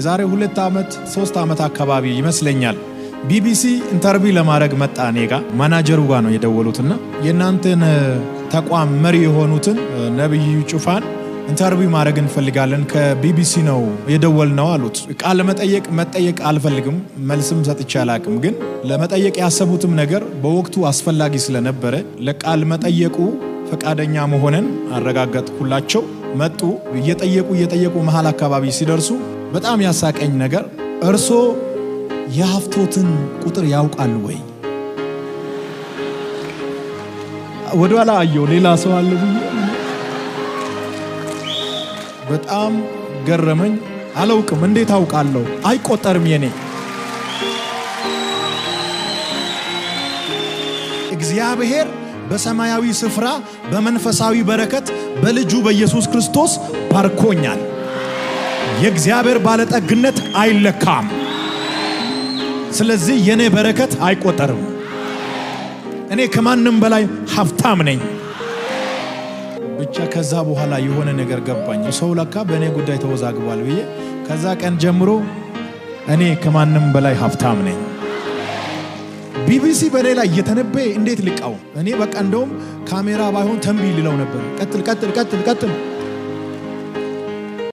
የዛሬ ሁለት ዓመት ሶስት ዓመት አካባቢ ይመስለኛል ቢቢሲ ኢንተርቪው ለማድረግ መጣ። እኔ ጋ ማናጀሩ ጋር ነው የደወሉትና የእናንተን ተቋም መሪ የሆኑትን ነቢይ ጩፋን ኢንተርቪው ማድረግ እንፈልጋለን ከቢቢሲ ነው የደወል ነው አሉት። ቃል ለመጠየቅ መጠየቅ አልፈልግም፣ መልስም ሰጥቼ አላቅም። ግን ለመጠየቅ ያሰቡትም ነገር በወቅቱ አስፈላጊ ስለነበረ ለቃል መጠየቁ ፈቃደኛ መሆነን አረጋገጥኩላቸው። መጡ። እየጠየቁ እየጠየቁ መሀል አካባቢ ሲደርሱ በጣም ያሳቀኝ ነገር እርሶ የሀፍቶትን ቁጥር ያውቃል ወይ? ወደኋላ አየው ሌላ ሰው አለ ብዬ በጣም ገረመኝ። አላውቅም። እንዴት አውቃለሁ? አይቆጠርም የኔ እግዚአብሔር በሰማያዊ ስፍራ በመንፈሳዊ በረከት በልጁ በኢየሱስ ክርስቶስ ባርኮኛል። የእግዚአብሔር ባለጠግነት አይለካም። ስለዚህ የኔ በረከት አይቆጠርም። እኔ ከማንም በላይ ሀብታም ነኝ። ብቻ ከዛ በኋላ የሆነ ነገር ገባኝ። ሰው ለካ በእኔ ጉዳይ ተወዛግቧል ብዬ ከዛ ቀን ጀምሮ እኔ ከማንም በላይ ሀብታም ነኝ። ቢቢሲ በእኔ ላይ እየተነበየ እንዴት ልቃው እኔ በቃ እንደውም ካሜራ ባይሆን ተንቢ ልለው ነበር። ቀጥል ቀጥል ቀጥል ቀጥል